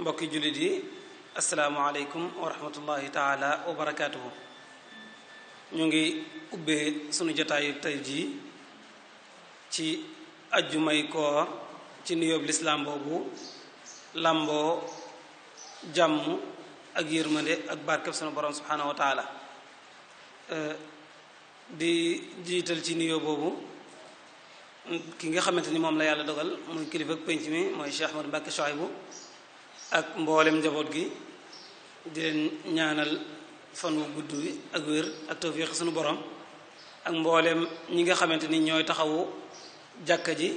mbokki jullit yi asalaamualeykum wa rahmatullahi taala wa barakaatuhu ñu ngi ubbee suñu jotaayu tey jii ci ajjumay koor ci nuyoob lislaam boobu làmboo jàmm ak yërmande ak barkeb sunu borom subhaanahu wa eh, di jiital ci nuyoo boobu ki nga xamante ni moom la yàlla dogal muy kilifa pénc mi mooy Cheikh Ahmad Mbacke Chouaïbou ak mboolem njaboot gi di leen ñaanal fan wu gudd wi ak wér ak tawfiq sunu borom ak mboolem ñi nga xamante ni ñooy taxawu jàkka ji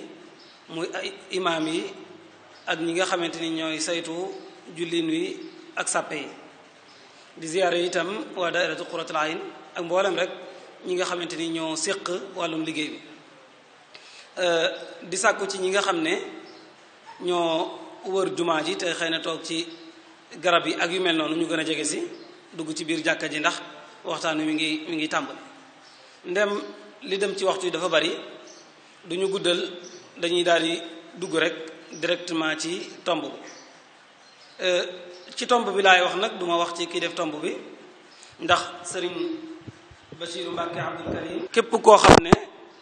muy ay imaam yi ak ñi nga xamante ni ñooy saytu jullin wi ak sàppe yi di ziyaare itam waa daairatu quratul ak mboolem rek ñi nga xamante ni ñoo séq wàllum liggéey bi di sàkku ci ñi nga xam ne ñoo wër jumaa ji te xëy na toog ci garab yi ak yu mel noonu ñu gën a jege si dugg ci biir jàkka ji ndax waxtaan wi mi ngi mi ngi tàmbali ndem li dem ci waxtu yi dafa bari du ñu guddal dañuy daal di dugg rek directement ci tomb bi euh, ci tomb bi laay wax nag duma wax ci kii def tomb bi ndax sëriñ Bachiru Mbàkke Abdul Karim képp koo xam ne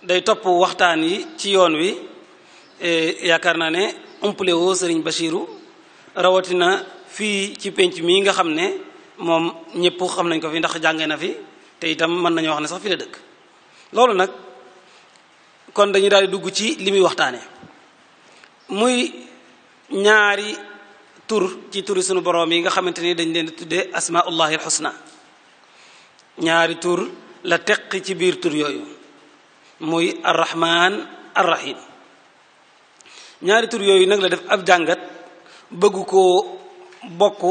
day topp waxtaan yi ci yoon wi eh, yaakaar naa ne umpale woo sëriñ Bachiru rawatina fii ci penc mii nga xam ne moom ñëpp xam nañ ko fi ndax jànge na fi te itam mën nañu wax ne sax fi la dëkk loolu nag kon dañu daal di dugg ci li muy waxtaane muy ñaari tur ci turi sunu boroom yi nga xamante ni dañ leen di tuddee asmaullahi alxusna ñaari tur la teq ci biir tur yooyu muy arrahman arrahim ñaari tur yooyu nag la def ab jàngat bëgg ko bokk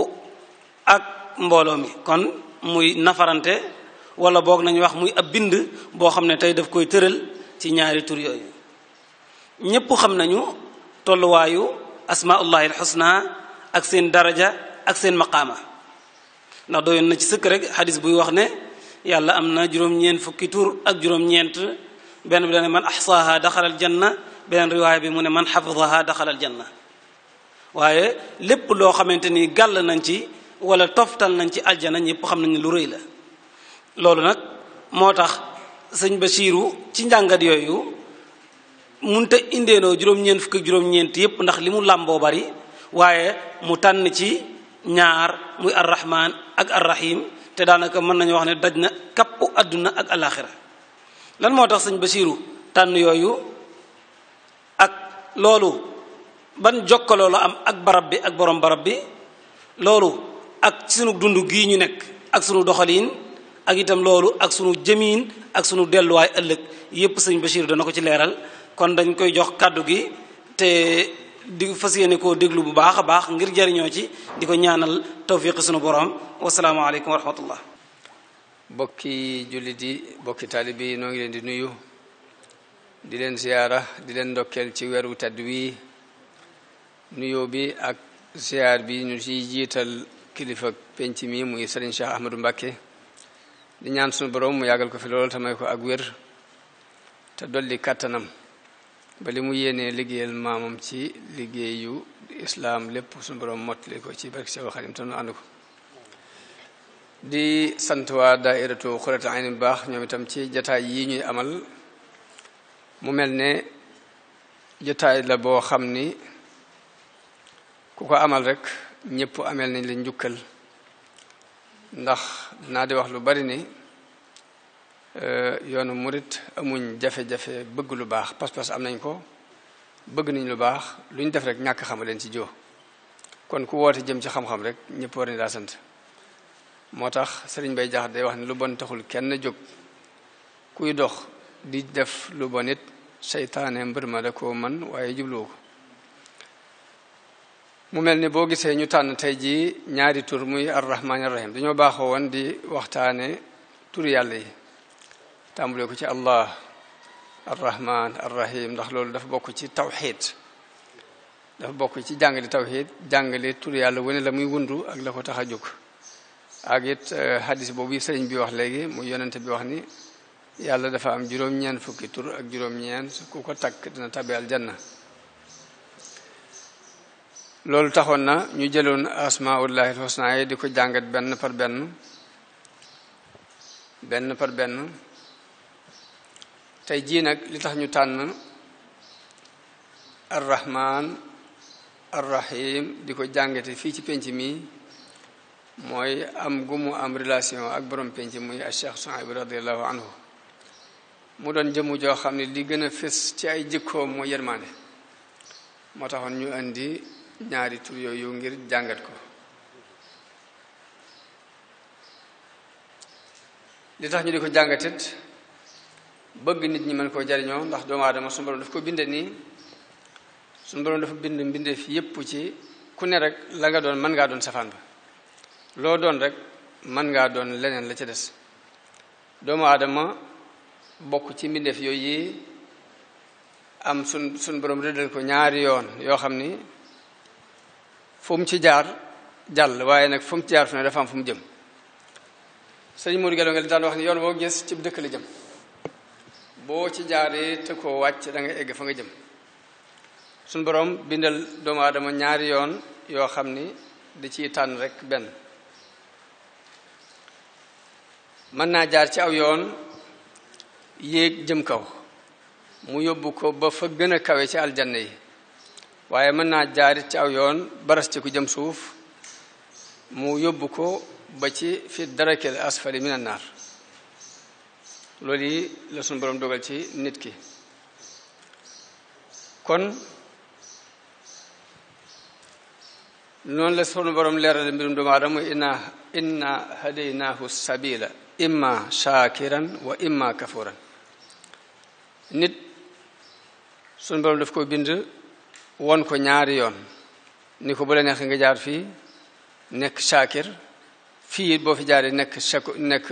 ak mbooloo mi kon muy nafarante wala boog nañu wax muy ab bind boo xam ne tey daf koy tëral ci ñaari tur yooyu ñépp xam nañu tolluwaayu asmaullahi alxusna ak seen daraja ak seen maqaama ndax doyoon na ci sëkk rek xadis buy wax ne yàlla am na juróom-ñeent fukki tur ak juróom-ñeent benn bi dane man axsaaha daxalal janna benen riwaya bi mu ne man xafidaha dakhala al janna waye lepp lo xamanteni gal nañ ci wala toftal nañ ci aljana ñepp xam nañ lu reuy la lolu nak motax señ sëñ ci njangat yoyu munta indeenoo juróom-ñeent fukki ñeent yépp ndax limu mu bari waye mu tan ci ñaar muy arrahman ak arrahim te danaka mën nañ wax ne dajna kapu aduna ak alakhirah lan motax señ sëñ tan yoyu loolu ban jokkaloo la am ak barab bi ak borom barab bi loolu ak sunu dund gi ñu nekk ak sunu doxaliin ak itam loolu ak sunu jëmiin ak sunu delluwaay ëllëg yépp sëñ Bachir dana ko ci leeral kon dañ koy jox kàddu gi te di fas yéene koo déglu bu baax a baax ngir jariñoo ci di ko ñaanal tawfiq sunu borom wasalaamaaleykum wa rahmatullah mbokki jullit yi mbokki taalib yi noo ngi leen di nuyu di leen ziyaara di leen ndokkeel ci weeru tedd wi bi ak ziyaar bi ñu ci jiital kilifa penc mi mu sëriñ Cheikh Ahmadou Mbacké di ñaan suñu borom mu yàggal ko fi loolu tamay ko ak wér te dolli kàttanam ba li mu yéenee liggéeyal maamam ci liggéeyu islaam lépp suñu borom mottali ko ci barke Seexul Xadim te nu di sant waa daairatu Xuratul Ayni bu baax ñoom itam ci jataay yi amal mu mel ne jotaay la boo xam ni ku ko amal rek ñëpp amel nañ la njukkal ndax naa di wax lu bari ni euh, yoonu murit amuñ jafe-jafe bëgg lu baax pas-pas am nañ ko bëgg nañ lu baax lu ñu def rek ñàkk xam leen ci joo kon ku woote jëm ci xam-xam rek ñëpp war nañ daa sant moo tax sëriñ bay jax day wax ne lu bon taxul kenn jóg kuy dox di def lu bon it seytaane mbër ma da ko man waaye jubluwu ko mu mel ni boo gisee ñu tànn tey jii ñaari tur muy arrahmaan arrahim dañoo baaxoo won di waxtaane tur yàlla yi tàmbule ko ci allah arrahman arrahim ndax loolu dafa bokk ci tawxid dafa bokk ci jàng jàngale tawxid jàngale tur yàlla wane la muy wundu ak la ko tax a jóg ak it eh, hadis boobu sëriñ bi wax léegi muy yonente bi wax ni yàlla dafa am juróom-ñeent fukki tur ak juróom-ñeent ku ko takk dina tabe aljanna loolu taxoon na ñu jëloon asmaullahi alxusna yi di ko jàngat benn par benn benn par benn tey jii nag li tax ñu tànn arrahman arrahim di ko jàngate fii ci penc mi mooy am gumu am relation ak borom penc muy a cheikh Souhaïbou radiyallahu anhu mu doon jëmu joo xam ne li gën a fés ci ay jikkoom mooy yërmaande moo taxoon ñu indi ñaari tur yooyu ngir jàngat ko li tax ñu di ko jàngatit bëgg nit ñi mën koo jariñoo ndax doomu aadama suñu borom daf ko binde nii su borom dafa bind mbindeef yépp ci ku ne rek la nga doon mën ngaa doon safaan ba loo doon rek mën ngaa doon leneen la ca des doomu aadama bokk ci mbindeef yooyu yi am sun sun borom rëddal ko ñaari yoon yoo xam ni fu ci jaar jàll waaye nag fu mu ci jaar fu ne dafa mu jëm sëñ Mourou Gallo daan wax ni yoon boo gis ci dëkk la jëm boo ci jaaree te koo wàcc da egg fa nga jëm sun boroom bindal doomu aadama ñaari yoon yoo xam ni di ciy tànn rek benn mën naa jaar ci aw yoon yéeg jëm kaw mu yóbbu ko ba fa kawe ci aljanna yi waaye mën naa jaarit ci aw yoon baras ci ku jëm suuf mu yóbbu ko ba ci fi darakil asfali mina naar loolu yi la dogal ci nit ki kon noonu la sunu borom leerale mbirum doomu aadama inna inna hadaynaahu imma shakiran wa imma kafuran nit su borom daf ko bind won ko ñaari yoon ni ko bu la neexee nga jaar fii nekk shaakir fii boo fi jaaree nekk shako nekk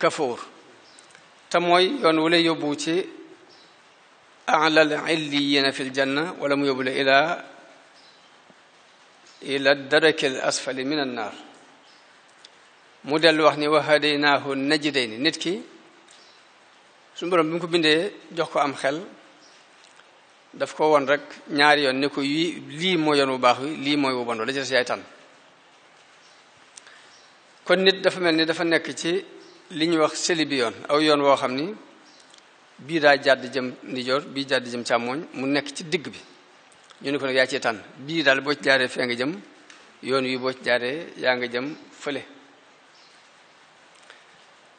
kafoor te mooy yoon wu lay yóbbu ci alal illiyina fil janna wala mu yóbbu la ilaa ila darakil asfali min an naar mu dellu wax ni wa hadaynaahu najdayni nit ki su borom bi mu ko bindee jox ko am xel daf ko won rek ñaari yoon ne ko yi lii mooy yoon bu baax wi lii mooy bu bon la ci yaay tànn kon nit dafa mel ni dafa nekk ci li ñuy wax seli bi yoon aw yoon woo xam ni bii daa jàdd jëm ndijoor bii jàdd jëm càmmooñ mu nekk ci digg bi ñu ne ko nag yaa ci tànn bii daal boo ci jaaree fee nga jëm yoon wi boo ci jaaree yaa nga jëm fële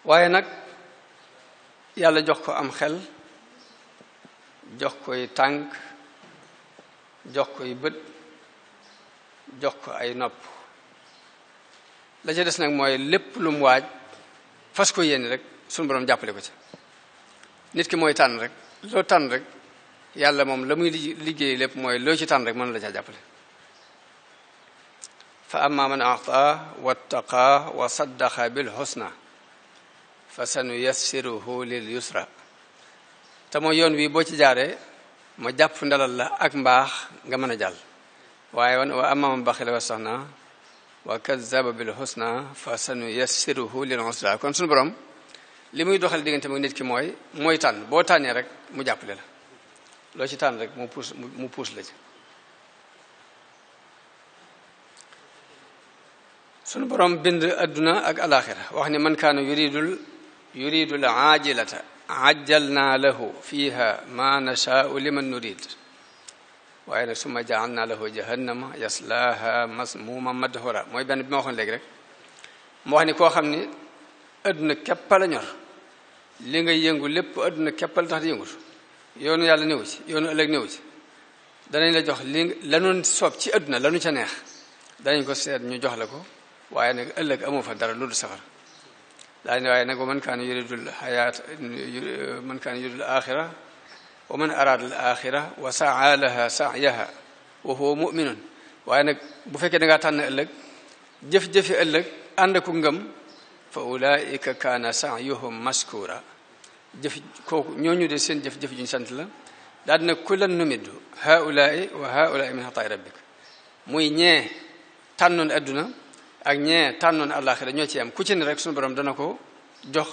waaye nag yàlla jox ko am xel jox koy tànk jox koy bët jox ko ay nopp la ca des nag mooy lépp lu mu waaj fas ko yéene rek sunu borom jàppale ko ci nit ki mooy tànn rek loo tànn rek yàlla moom la muy liggéey lépp mooy loo ci tànn rek mën la caa jàppale fa amma man ata wattaqa wa saddaqa bil husna fasanuyassiruhu lil yusra te mooy yoon wi boo ci jaaree ma jàpp ndalal la ak mbaax nga mën a jàll waaye wan wa amama baxila wastaxna wa kazaba bil husna fasanuyassiruhu lil usra kon sunu borom li doxal diggante mag nit ki mooy mooy tànn boo tànnee rek mu jàppale la loo ci tànn rek mu puus mu puus la ci sunu borom bind adduna ak alaxira wax man kaana yuridul يريد العاجلة عجلنا له فيها ما نشاء لمن نريد وإلى ثم جعلنا له جهنم يصلاها مسموما مدهورا موي بن بما خن ليك رك مو خني كو خامني ادنا كبال نيور ليغا ييغو ليب ادنا كبال تاخ ييغو يونو يالا نيو سي يونو اليك نيو سي داني لا جوخ لي لا نون سوب سي ادنا لا نون سي نيه داني كو سيت ني جوخ لاكو وايي نك اليك امو فا دار لودو سفر daañu waaye nag wa man kaana yuridul xayaat man araada al axira wa saa laha wa huwa muminun waaye bu fekkee da ngaa tànn ëllëg jëf-jëfi ëllëg ànd ku ngëm fa ulaika kaana saayuhum maskura jëf kooku ñooñu de seen jëf-jëf juñ sant la daal dina wa haulaai min xataay rabbik muy ñee tànnoon adduna ak ñee tànnoon àllaaxira ñoo ci am ku ci ne rek suñu borom dana ko jox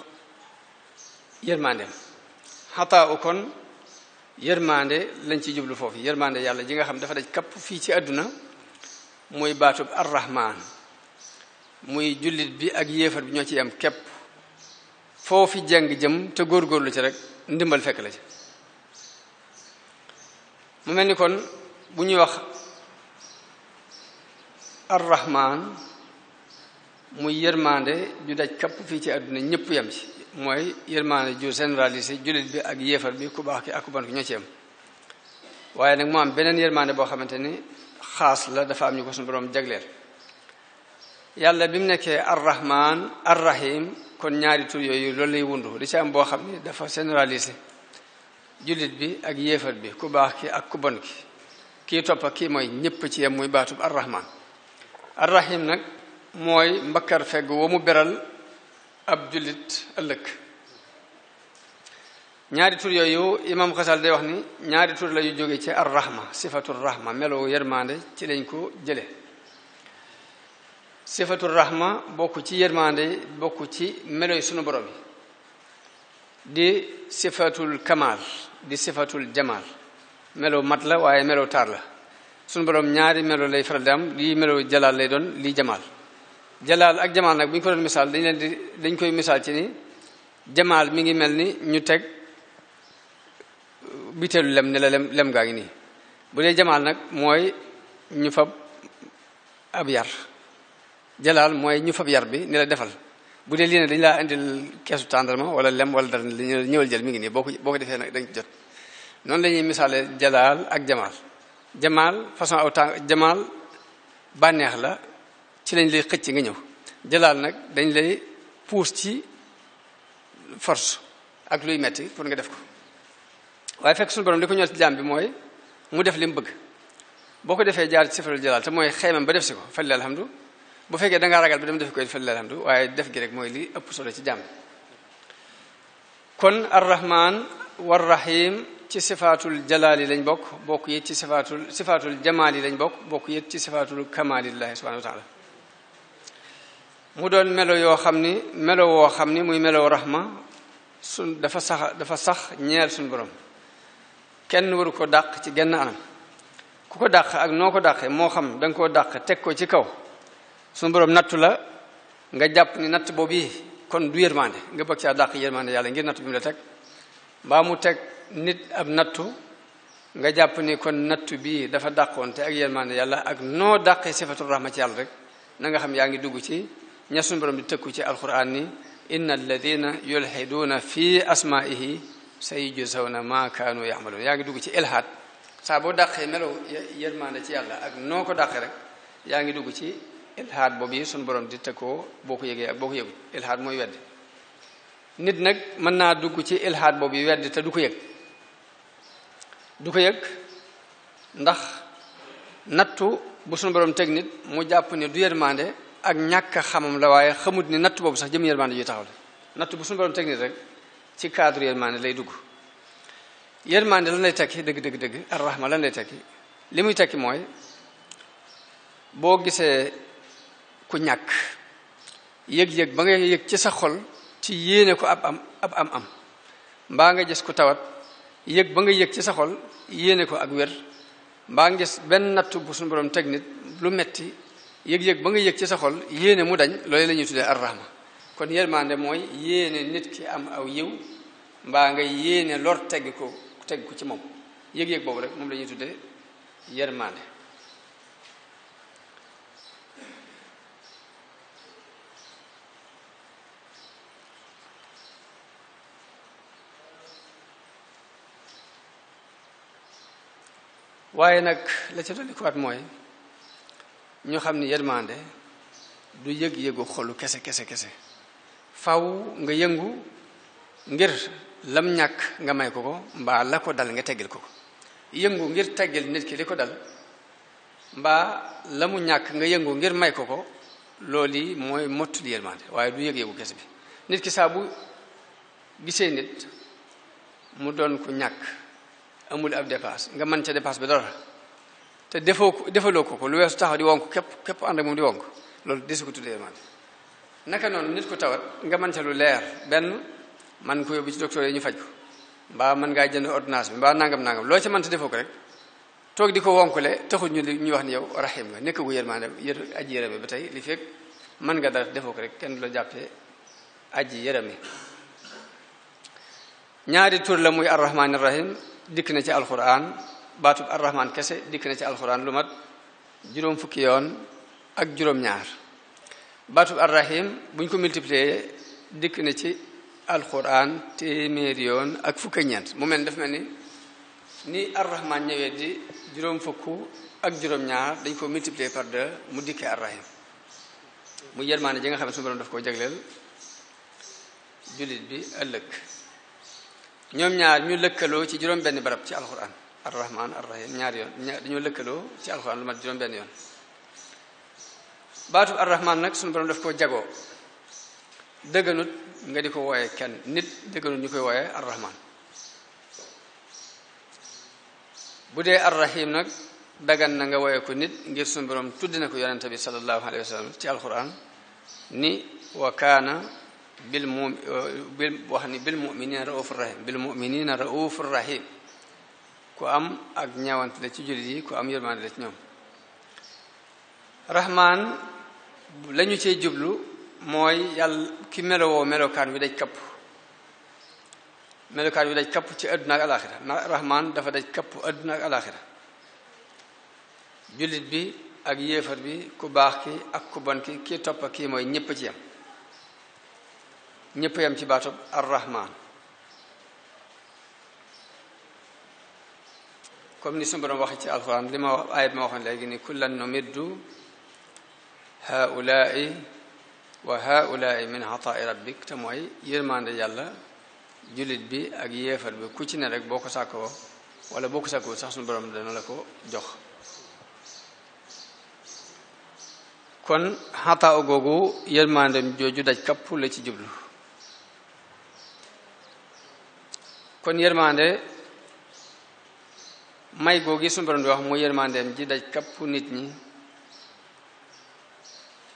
yërmandeem xataa u kon yërmande lañ ci jublu foofu yërmande yàlla ji nga xam dafa daj kapp fii ci àdduna muy baatub arrahman muy jullit bi ak yéefar bi ñoo ci am képp foofi jàng jëm te góor góorlu ci rek ndimbal fekk la ci mu mel ni kon bu ñuy wax arrahman muy yërmande ju daj kapp fii ci àdduna ñëpp yem ci mooy yërmande ju généralisé jullit bi ak yéefar bi ku baax ki ak ku bon ki ñoo ci waaye nag mu beneen yërmande boo xamante ni xaas la dafa am ñu ko suñu borom jagleel yàlla bi mu nekkee arrahman arrahim kon ñaari tur yooyu loolu lay wundu li ci am boo xam ne dafa généralisé jullit bi ak yéefar bi ku baax ki ak ku bon ki kii kii mooy ñëpp ci yem muy baatub arrahman arrahim nag mooy mbakkar fegg wa mu beral ab jullit ëllëg ñaari tur yooyu imam xasal day wax ni ñaari tur la yu jóge ci ar rahma sifatu rahma melow yërmande ci lañ ko jële sifatu raxma bokk ci yërmande bokk ci meloy sunu borom yi di sifatul kamal di sifatul jamal melow mat la waaye melow taar la sunu borom ñaari melo lay faral di am lii melow jalaal lay doon lii jamal jalaal ak jamaal nag bu ñu ko doon misaal dañ leen di dañ koy misaal ci ni jamaal mi ngi mel ni ñu teg biteelu lem ne la lem lem gaa ngi nii bu dee jamaal nag mooy ñu fab ab yar jalaal mooy ñu fab yar bi ne la defal bu dee lii ne dañ laa indil keesu tàndarma wala lem wala dara li ñëwal jël mi ngi nii boo ko defee nag dañ ci jot noonu lañuy misaale jalaal ak jamaal jamaal façon aw tàng jamaal bànneex la ci lañ lay xëcc nga ñëw jalaal nag dañ lay puus ci force ak luy metti pour nga def ko waaye fekk suñu borom li ko ñor ci jaam bi mooy mu def li mu bëgg boo ko defee jaar ci sifatul jalaal te mooy xeymam ba def si ko falil alhamdu bu fekkee da nga ragal ba dem def ko falil alhamdu waaye def gi rek mooy li ëpp solo ci jaam bi kon arrahman warrahim ci sifaatul jalaal lañ bokk bokk yit ci sifaatul sifaatul jamaal lañ bokk bokk yit ci sifaatul kamaal subhanahu wa taala mu doon melo yoo xam ni melo woo xam ni muy melow raxma sun dafa sax dafa sax ñeel suñ borom kenn waru ko dàq ci genn anam ku ko dàq ak noo ko dàqee moo xam da koo dàq teg ko ci kaw suñ borom nattu la nga jàpp ni natt boobu yi kon du yërmande nga bëgg caa dàq yërmande yàlla ngir nattu bi mu la teg mbaa mu teg nit ab nattu nga jàpp ni kon nattu bii dafa dàqoonte ak yërmande yàlla ak noo dàqee sifatul rahma ci yàlla rek na nga xam yaa ngi dugg ci ña suñu borom di tëkku ci alquran ni inna alladina yulhiduuna fi asmaihi sayujzawna ma kaanu yamaluun yaa ngi dugg ci ilhaad saa boo dàqee melow yërmande ci yàlla ak noo ko dàqee rek yaa ngi dugg ci ilhaad bob yi suñu borom di tëkkoo boo ko yëgee ak boo ko yëgul ilhaad mooy weddi nit nag mën naa dugg ci ilhaad boobu yi weddi te du ko yëg du ko yëg ndax nattu bu suñu borom teg nit mu jàpp ne du yërmande ak ñàkk xamam la waaye xamut ni natt boobu sax jëm yërmande ji taxaw la natt bu suñu borom teg nii rek ci cadre yërmande lay dugg yërmande lan lay tekki dëgg dëgg dëgg arrahma lan lay tekki li muy tekki mooy boo gisee ku ñàkk yëg-yëg ba nga yëg ci sa xol ci yéene ko ab am ab am am mbaa nga gis ku tawat yëg ba nga yëg ci sa yéene ko ak wér mbaa nga gis benn nattu bu suñu borom teg nit lu metti yëg-yëg ba nga yëg ci sa xol yéene mu dañ loolu la ñuy tuddee arrahma kon yërmande mooy yéene nit ki am aw yiw mbaa nga yéene lor tegg ko tegg ko ci moom yëg-yëg boobu rek moom lañuy ñuy tuddee yërmande waaye nag la ca dolli kuwaat mooy ñu xam ni yërmande du yëg-yëgu xolu kese kese kese faw nga yëngu ngir lam ñàkk nga may ko ko mbaa la ko dal nga teggil ko ko yëngu ngir teggil nit ki li ko dal mbaa la mu ñàkk nga yëngu ngir may ko ko loolu yi mooy mottu li waaye du yëg-yëgu kese bi nit ki saabu gisee nit mu doon ko ñàkk amul ab dépasse nga mën ca dépasse bi dara te defoo ko defaloo ko ko lu wees taxaw di wonk képp képp ànd ak moom di wonk loolu desu ko tuddee man naka noonu nit ko tawat nga mën ca lu leer benn man ko yóbbu ci docteur yi ñu faj ko mbaa mën ngaa jënd ordonnance bi mbaa nangam nangam loo ci mën ta defoo ko rek toog di ko wonk wonkale taxul ñu ñuy wax ni yow rahim nga nekk gu yërmaande yër aji yërëme ba tey li fekk mën nga dara defoo ko rek kenn du la jàppee aji yërëme ñaari tur la muy arrahmaani rahim dikk na ci alquran ar Rahman kese dik na ci lumat lu mat ag fukki yoon ak juróom-ñaar ar-rahim buñ ko multiplier dik na ci alxuraan téeméeri yoon ak fukki ñent mu mel daf melni ni ar-rahman ñewé di juróom fukku ak juróom-ñaar dañ ko multiplier par deux mu ar-rahim mu yermane ji nga xamne ne suñu borom daf ko jagleel julit bi ëlëk ñom ñaar ñu lëkkaloo ci juroom benn barab ci alquran arrahman arrahim ñaari yoon dañoo lëkkaloo ci alxuraan lu mat juróom benn yoon baatu arrahman nag suñu borom daf koo jagoo dëgganut nga di ko wooyee kenn nit dëgganut ñu koy wooyee arrahman bu dee arrahim nag dagan na nga wooyee ko nit ngir suñu borom tudd na ko yonente bi sallallahu alayhi wa ci alxuraan ni wa bil mu bil wax ni bil muminina raufur ku am ak ñawante la ci jullit yi ku am yërmande la ci ñoom rahmaan lañu cee jublu mooy yàlla ki melowoo melokaan wi daj kapp melokaan wi daj kapp ci àdduna ak alaaxira rahmaan dafa daj kapp àdduna ak alaaxira jullit bi ak yéefar bi ku baax ki ak ku bon ki kii topp kii mooy ñépp ci yam ñépp yam ci baatub ar comme ni suñu borom waxee ci alxuraan li ma wax aaya bi ma waxoon léegi ni kullan numiddu haulaai wa haulaai min ataai rabbik te mooy yërmande yàlla jullit bi ak yéefar bi ku ci ne rek boo ko sàkkoo wala boo ko sàkkoo sax suñu borom dana la ko jox kon xataa googu yërmandem jooju daj kapp la ci jublu kon yërmande may googi suñu borom di wax mu yërmandeem ji daj kapp nit ñi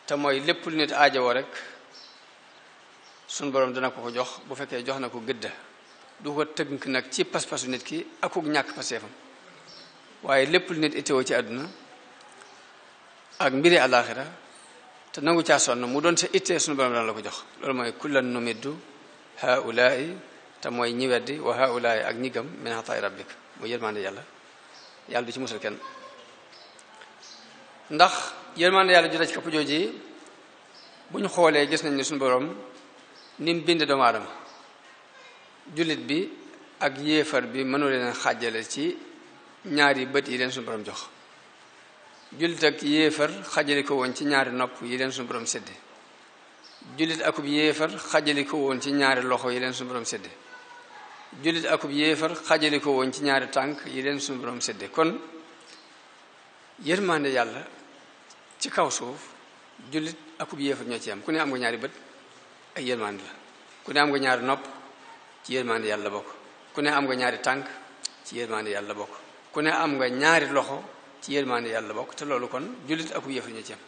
te mooy lépp lu nit aajowoo rek suñu borom dana ko ko jox bu fekkee jox na ko gëdda du ko tënk nag ci pas-pasu nit ki akuk ñàkk paseefam waaye lépp lu nit itteewoo ci àdduna ak mbiri àllaaxira te nangu caa sonn mu doon sa ittee suñu borom dana la ko jox loolu mooy kullan numiddu haulaai te mooy ñi weddi wa haulaai ak ñi gëm min ataay mu yërmande yàlla yàlla du ci musal kenn ndax yërmande yàlla ju daj këpp jooji bu ñu xoolee gis nañ ne suñu boroom ni mu bind doomu aadama jullit bi ak yéefar bi mënu leen xajale ci ñaari bët yi leen suñu borom jox jullit ak yéefar xàjjale ko woon ci ñaari nopp yi leen suñu borom sédde jullit akub yéefar xàjjale ko woon ci ñaari loxo yi leen suñu borom sédde jullit akub yéefar xajale ko woon ci ñaari tànk yi leen suñu borom sédde kon yërmande yàlla ci kaw suuf jullit akub yéefar ñoo ci am ku ne am nga ñaari bët ay yërmande la ku ne am nga ñaari nopp ci yërmande yàlla bokk ku ne am nga ñaari tànk ci yërmande yàlla bokk ku ne am nga ñaari loxo ci yërmande yàlla bokk te loolu kon jullit akub yéefar ñoo ci am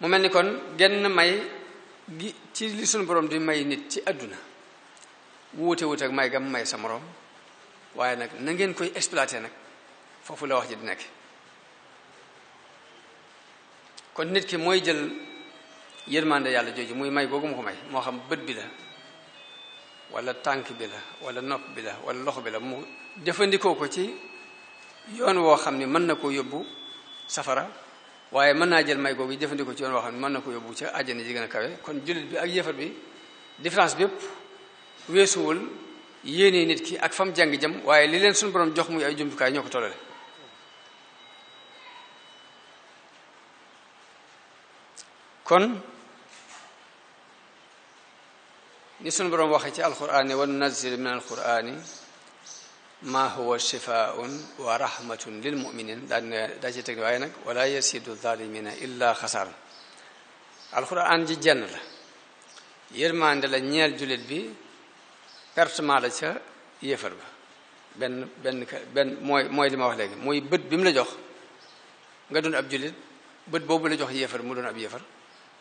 mu mel ni kon genn may gi ci li suñu borom di may nit ci àdduna wuute wuute ak may gam may sa moroom waaye nag nangeen koy exploité nag foofu la wax ji di nekk kon nit ki mooy jël yërmande yàlla jooju muy may googu mu ko may moo xam bët bi la wala tànk bi la wala nopp bi la wala loxo bi la mu jëfandikoo ko ci yoon woo xam ne mën na koo yóbbu safara waaye mën naa jël may googu jëfandikoo ci yoon woo xam mën na ko yóbbu ca àjjana ji a kawe kon jullit bi ak yéefar bi différence bépp weesuwul yéene nit ki ak fam jàng jëm waaye li leen suñu borom jox muy ay jumtukaay ñoo ko tollale kon ni suñu borom waxee ci alquran ne wan nazil min ما هو شفاء ورحمة للمؤمنين داجي تك واي نك ولا يسيد الظالمين الا خسارا القران جي جن لا يرماند لا نيال بي بيرسما لا يفر با بن بن بن موي موي لي ما واخ لغي موي بيت بيم لا جوخ nga dund ab julit bët boobu la jox yéefar mu dund ab yéefar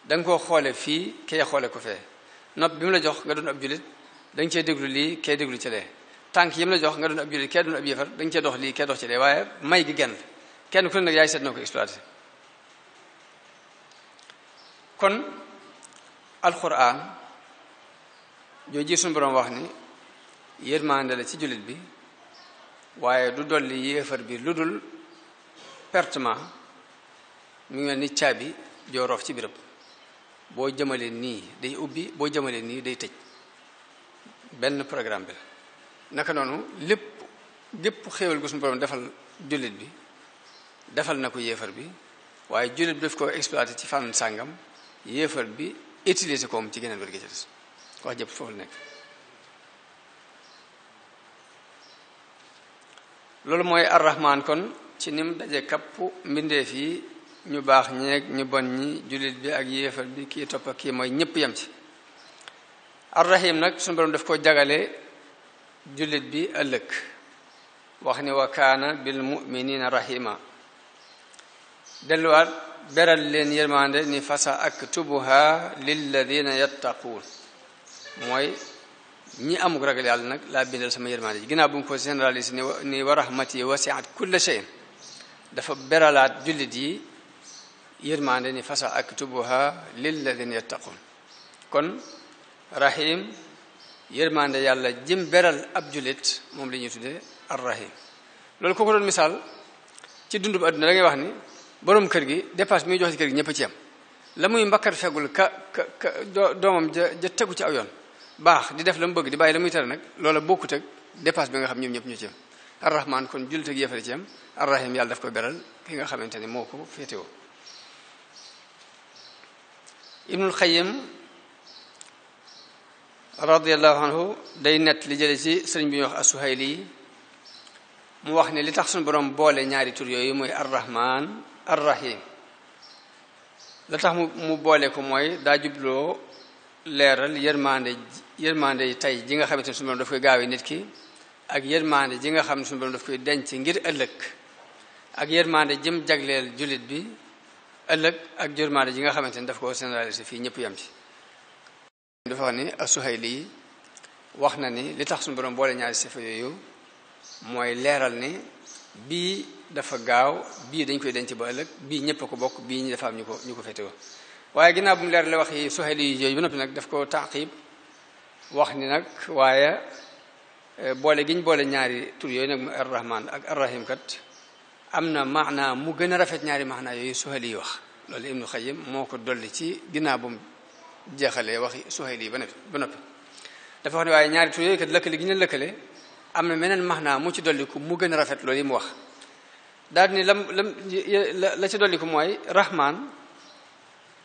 da nga koo xoole fii kay xoole ko fee nopp bi mu la jox nga dund ab tànk yim la jox nga doon ab jullit kee doon dañ cee dox lii kee dox ci lee waaye may gi genn kenn ku ne nag yaay seet noo ko exploité kon alquran jooju suñu borom wax ni yërmande ci jullit bi waaye du dolli yéefar bi lu dul pertement mu ngi mel ni caabi joo roof ci birëb boo jëmale nii day ubbi boo jëmalee nii day tëj benn programme bi naka noonu lépp lépp xéewal gu suñu borom defal jullit bi defal na ko yéefar bi waaye jullit bi daf ko exploité ci fànn sàngam yéefar bi utiliser koom ci geneen wér gi wax jëpp foofu la nekk loolu mooy arrahman kon ci ni daje kapp mbindeef yi ñu baax ñeeg ñu bon ñi jullit bi ak yéefar bi kii topp ak mooy ñëpp yam ci arrahim nag suñu borom daf ko jagale jullit bi ëllëg wax ni wa kaana bil muminina rahima delluwaat beral leen yërmande ni fasa aktubuha lilladina yattaquun mooy ñi amuk ragal yàlla nag laa bindal sama yërmande ji ginnaaw bu mu ko généralise ni wa rahmati wasiat kulla cheyin dafa beralaat jullit yi yërmande ni fasa aktubuha lilladina yattaquun kon rahim yërmande yàlla jëm beral ab julit moom la ñuy tuddee arrahim loolu kooku doon misaal ci dund bu àdduna da wax ni boroom kër gi dépasse bi muy jox ci kër gi ñëpp ci am la muy mbakkar feggul ka ka ka doomam ja ja tegu ci aw yoon baax di def la mu bëgg di bàyyi la muy tere nag loola bokkut ak dépasse bi nga xam ñoom ñëpp ñu ci am arrahman kon jullit ak yéefare ci am arrahim yàlla daf ko beral ki nga xamante ni moo ko féetewoo ibnul xayim radiallahu anhu day net li jële ci sëriñ bi ñuy wax asuhayli mu wax ni li tax suñu borom boole ñaari tur yooyu mooy arrahman arrahim la tax mu mu boole ko mooy daa jubloo leeral yërmande yërmande yi tey ji nga xamante ne suñu borom daf koy gaawee nit ki ak yërmande ji nga xam ne suñu borom daf koy denc ngir ëllëg ak yërmande jëm jagleel jullit bi ëllëg ak yërmande ji nga xamante ne daf ko généraliser fii ñëpp yam ci dafa wax ni asuhayli wax na ni li tax suñu borom boole ñaari sifa yooyu mooy leeral ni bii dafa gaaw bii dañ koy denc ba ëllëg bii ñëpp ko bokk bii ñi dafa am ñu ko ñu ko féetewoo waaye ginnaaw bu mu leer la wax yi suhayli yi yooyu ba noppi nag daf ko taqib wax ni nag waaye boole giñ boole ñaari tur yooyu nag mu arrahman ak arrahim kat am na maanaa mu gën a rafet ñaari maanaa yooyu suhayli yi wax loolu ibnu xayim moo ko dolli ci ginnaaw bu mu jeexalee waxi Suhayli yi ba noppi ba noppi dafa wax ne waaye ñaari tur yooyu kat lëkkale gi ñu lëkkale am na meneen max naa mu ci dolliku mu gën a rafet loolu yi mu wax daal ni lam lam la ci dolliku mooy rahman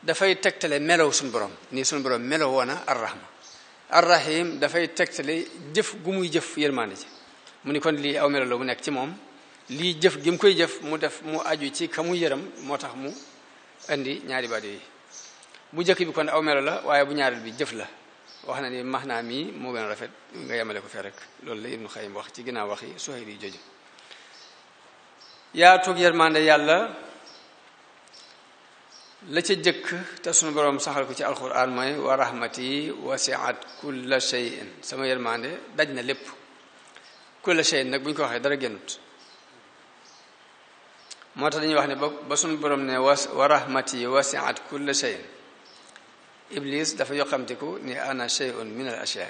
dafay tegtale melow suñu borom nii suñu borom melow woona arrahma arrahim dafay tegtale jëf gu muy jëf yërmaande ci mu ni kon lii aw melo la bu ci moom lii jëf gi mu koy jëf mu def mu aju ci ka mu yërëm mu indi ñaari baat bu njëkk bi kon aw melo la waaye bu ñaareel bi jëf la wax na ni max naa mii moo gën a rafet nga yemale ko fee rek loolu la ibnu xayim wax ci ginnaaw waxi Suhayli joju yaa toog yërmande yàlla la ca jëkk te sunu borom saxal ko ci alquran mooy wa rahmati wasiat kulla shay'in sama yërmande daj na lépp kulla shay'in nag buñ ko waxee dara génut moo tax dañuy wax ne ba sunu borom ne wa rahmati wasiat kulla shay'in iblis dafa yokkamtiku ni ana shay'un min al ashiya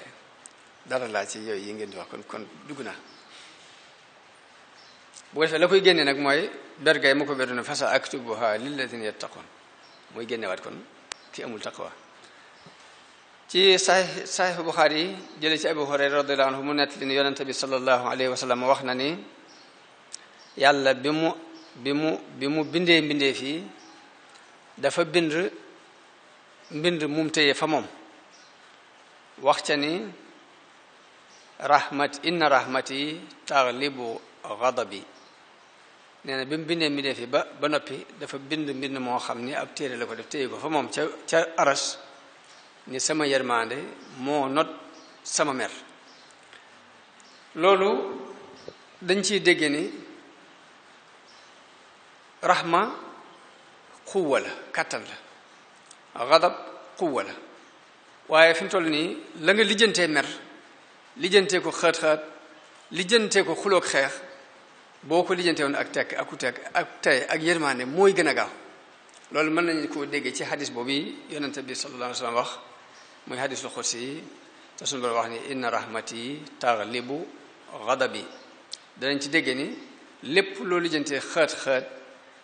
dara laa ci yooyu yi ngeen di wax kon kon dugg na bu ko defee la koy génne nag mooy bergay mu ko bedu ne fasa aktubuha lilladina yattaqun mooy génnewaat kon ki amul taqwa ci saxi saxiixu buxaar yi jële ci abu hurayra radiallahu anhu mu nett li ni yonente bi salallahu alayhi wa sallam wax na ni yàlla bi mu bi mu bi mu bindee mbindee fii dafa bind mbind mum teye fa moom wax ca ni rahmat inna rahmati taglibu ghadabi nee na bi mu bindee mbindee fi ba ba noppi dafa bind mbind moo xam ni ab téere la ko def téye ko fa moom ca ca aras ni sama yërmande moo not sama mer loolu dañ ciy dégge ni rahma xuwa la kàttan la xadab quwwa la waaye fi mu toll nii la nga lijjantee mer lijjantee ko xaat-xaat lijjantee ko xuloog xeex boo ko lijjantee woon ak tekk aku tekk ak tey ak yërmaande mooy gën a gaaw loolu mën nañu ko déggee ci xadis boobu yonente bi sallallahu alayhi wa sallam wax muy xadisul xudsi yi te suñu borom wax ni inna rahmati taglibu xadabi danañ ci déggee ni lépp loo lijjantee xaat-xaat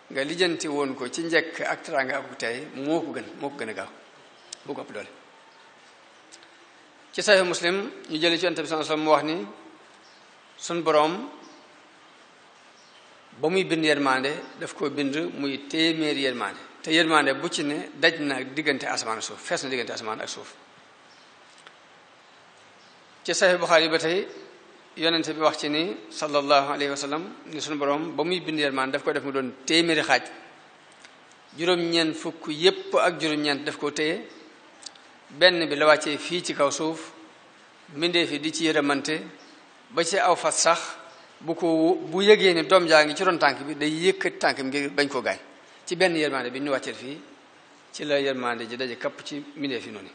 nga lijjanti woon ko ci njekk ak teraanga ak tey moo ko gën moo ko gën a gaaw moo ko ëpp doole ci saxiix muslim ñu jële ci yonent bi sallallahu alayhi mu wax ni suñ boroom ba muy bind yërmande daf ko bind muy téeméeri yërmande te yërmande bu ci ne daj na diggante asamaan ak suuf fees na diggante asamaan ak suuf ci saxiix Buxaari ba tey yonente bi wax ci ni sallallahu alayhi wa sallam ni suñu borom ba muy bind yërmaan daf ko def mu doon téeméeri xaaj juróom-ñeent fukk yépp ak juróom-ñeent daf ko téye benn bi la wàccee fii ci kaw suuf mbindee fi di ci yërëmante ba ci aw fas sax bu ko bu yëgee ni doom jaa ngi ci doon tànk bi day yëkkati tànk bi ngir bañ koo gaañ ci benn yërmande bi ñu wàccee fii ci la yërmande ji daje kapp ci mbindee fi noonu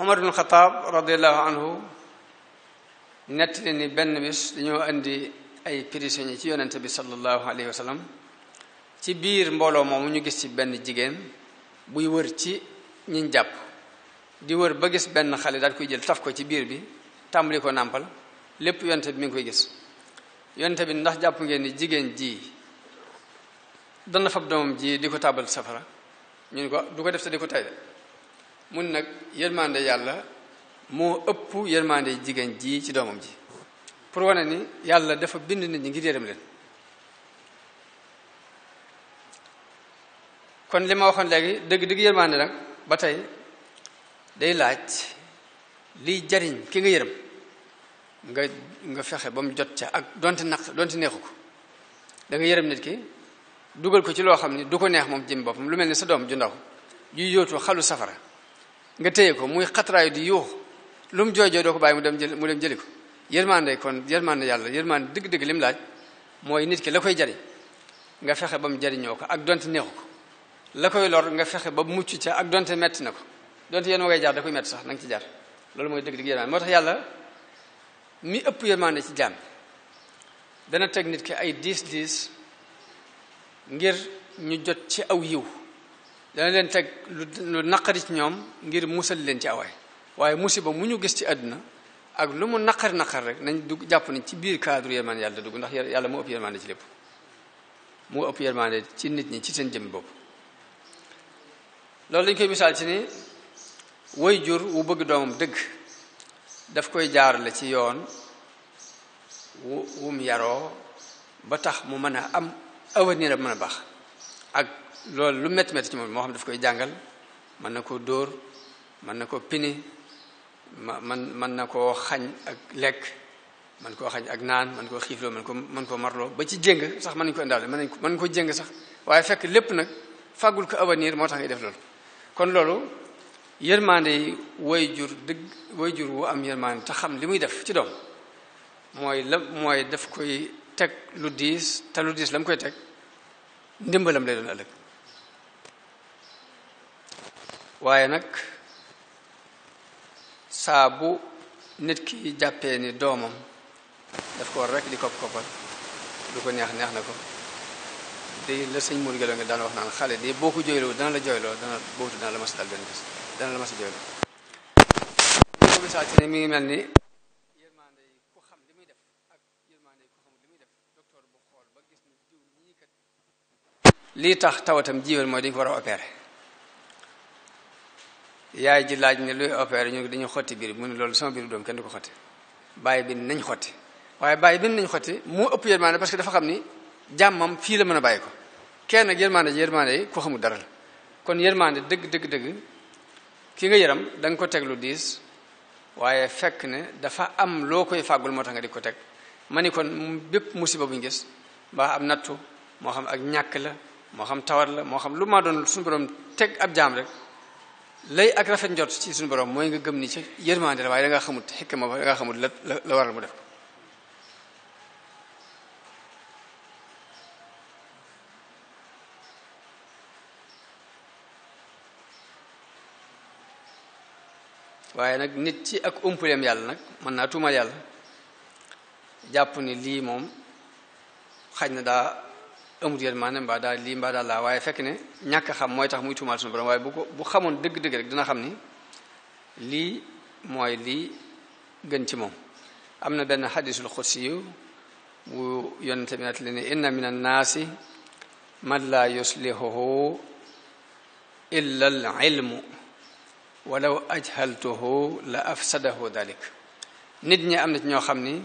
Umar ibn Xataab radiyallahu anhu nettali ni benn bis dañoo indi ay prisonniers ci yonente bi sallallahu alayhi wa sallam ci biir mbooloo moomu ñu gis ci benn jigéen buy wër ci ñiñ jàpp di wër ba gis benn xale daal koy jël taf ko ci biir bi tàmbali ko nàmpal lépp yonente bi mi ngi koy gis yonente bi ndax jàpp ngeen ni jigéen ji dana fab doomam ji di ko tàbbal safara ñu ne ko du ko def te di ko tay de mun nag yërmande yàlla moo ëpp yërmande jigéen jii ci doomam ji pour wane ni yàlla dafa bind nit ñi ngir yërëm leen kon li ma waxoon léegi dëgg-dëgg yërmande nag ba tey day laaj liy jariñ ki nga yërëm nga nga fexe ba mu jot ca ak donte naq donte neexu ko danga nga yërëm nit ki dugal ko ci loo xam ni du ko neex moom jëm boppam lu mel ni sa doom ju ndaw juy yóotu xalu safara nga téye ko muy xatraayu di yuux lum jojo do ko bay mu dem jël mu dem jëli ko yermane day kon yermane yalla yermane deug deug lim laaj moy nit ki la koy jari nga fexe bam jari ñoko ak donte neexu ko la koy lor nga fexe ba muccu ci ak donte metti nako donte yéen ma jaar da koy metti sax nang ci jaar lolu moy deug deug yermane motax yàlla mi ëpp yermane ci jamm dana tek nit ki ay 10 10 ngir ñu jot ci aw yiw dana len tek lu naqari ci ñom ngir musal len ci awaay waaye musiba mu ñu gis ci àdduna ak lu mu naqar naqar rek nañ dugg jàpp nañ ci biir cadre yërmande yàlla dugg ndax yàlla moo ëpp yërmande ci lépp moo ëpp yërmande ci nit ñi ci seen jëm bopp loolu dañ koy misaal ci ni way jur wu bëgg doomam dëgg daf koy jaarale ci yoon wu wum yaroo ba tax mu mën a am avenir a mën a baax ak loolu lu métti métti ci moom moo xam daf koy jàngal mën na koo dóor mën na koo pini ma man man na koo xañ ak lekk man koo xañ ak naan man koo xiifloo man ko man koo marloo ba ci jéng sax man nañu ko indaale mën nañ ko mën koo jëng sax waaye fekk lépp nag fàggul ko avenir moo tax ngay def loolu kon loolu yërmande woy way jur dëgg way jur wu am yërmande te xam li muy def ci doom mooy la mooy daf koy teg lu diis te lu diis la mu koy teg ndimbalam lay doon ëllëg waaye nag saa bu nit ki jàppee ni doomam daf ko war rek di kopp koppal du ko neex neex na ko di la sëñ Mouride Gallo nga daan wax naan xale de boo ko jooyloo dana la jooyloo dana boobu dana la la mas a jooyloo. mi ngi mel ni yërmande yi xam li muy def ak yërmande yi ku def docteur xool ba gis lii tax tawatam jiwal mooy dañ ko war a opérer. yaay ji laaj ne luy opéré ñu dañu xotti biir bi mu ne loolu sama biir doom kenn du ko xotti bàyyi bi nañ xotti waaye bàyyi bi nañ xotti moo ëpp yërmaande parce que dafa xam ni jàmmam fii la mën a bàyyi ko kenn nag yërmaande ji yërmaande yi ku xamul dara la kon yërmaande dëgg dëgg dëgg ki nga yaram danga ko teg lu diis waaye fekk ne dafa am loo koy fàggul moo tax nga di ko teg ma ni kon bépp musiba buñ gis mbaa am nattu moo xam ak ñàkk la moo xam tawar la moo xam lu maa doon suñu borom teg ab jaam rek lay ak rafet njot ci suñu borom mooy nga gëm ni ci yërmande la waaye da ngaa xamut xikma ba da xamut la la waral mu def ko waaye nag nit ci ak umpaleem yàlla nag mën naa tuumal yàlla jàpp ni lii moom xaj na daa amul yërmaane mbaa daal lii mbaa daal la waaye fek ne ñàkk xam moy tax muy tumal sun borom waaye bu ko bu xamone deug deug rek dina xam ni li moy li gën ci mom amna ben hadithul xadisul wu yu minat yonente inna minan nasi man la yuslihuhu illa al ilmu walaw ajhaltuhu la afsadahu dhalik nit ñi amna ci ño xamni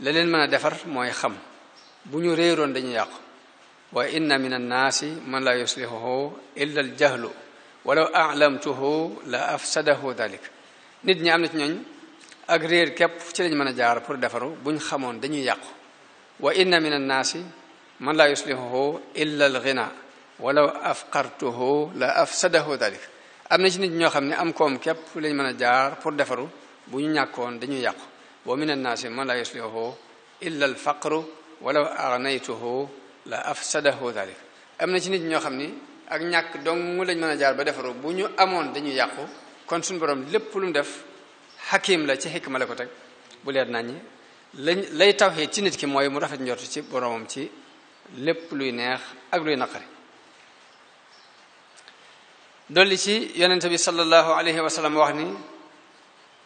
la leen mëna defar moy xam bu ñu reeron dañu yàqu وإن من الناس من لا يصلحه إلا الجهل ولو أعلمته لأفسده ذلك نيت ني امنا ني اك رير كيب سي لني مانا جار بور دافارو بون خامون دانيو ياكو وان من الناس من لا يصلحه الا الغنى ولو افقرته لافسده ذلك امنا سي نيت ньо خامني ام كوم كيب لني مانا جار بور دافارو بون نياكون دانيو ياكو ومن الناس من لا يصلحه الا الفقر ولو اغنيته la afsadahu dalik am na ci nit ñoo xam ni ak ñàkk dong lañ mën jaar ba defaroo bu ñu amoon dañuy yàqu kon suñu borom lépp lu mu def xakim la ci xikma la ko teg bu leer nañ ñi lañ lay tawxee ci nit ki mooy mu rafet njort ci boromam ci lépp luy neex ak luy naqari dolli ci yonente bi sallallahu alayhi wa sallam wax ni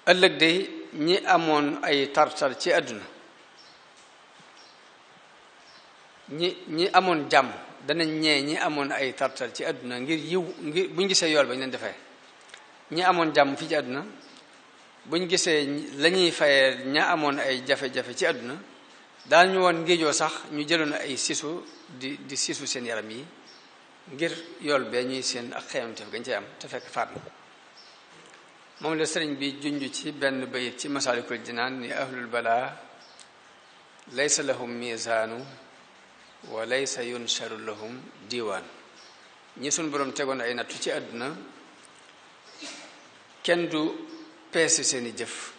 ëllëg day ñi amoon ay tartar ci àdduna ñi ñi amoon jàmm danañ ñee ñi amoon ay tartar ci àdduna ngir yiw ngir buñ gisee yool ba ñu leen defee ñi amoon jàmm fii ci àdduna buñ gisee lañuy ñuy fayee ña amoon ay jafe-jafe ci àdduna daal ñu woon sax ñu jëloon ay sisu di di sisu seen yaram yi ngir yool bee ñuy seen ak xeemantef gañ cee am te fekk faat na moom la sëriñ bi junj ci benn bayit ci masaalikul jinaan ni ahlul bala laysa lahum mizaanu wa sa yunsharu lahum diiwaan ñi suñ boroom tegoon ay nattu ci àdduna kenn du peese seeni jëf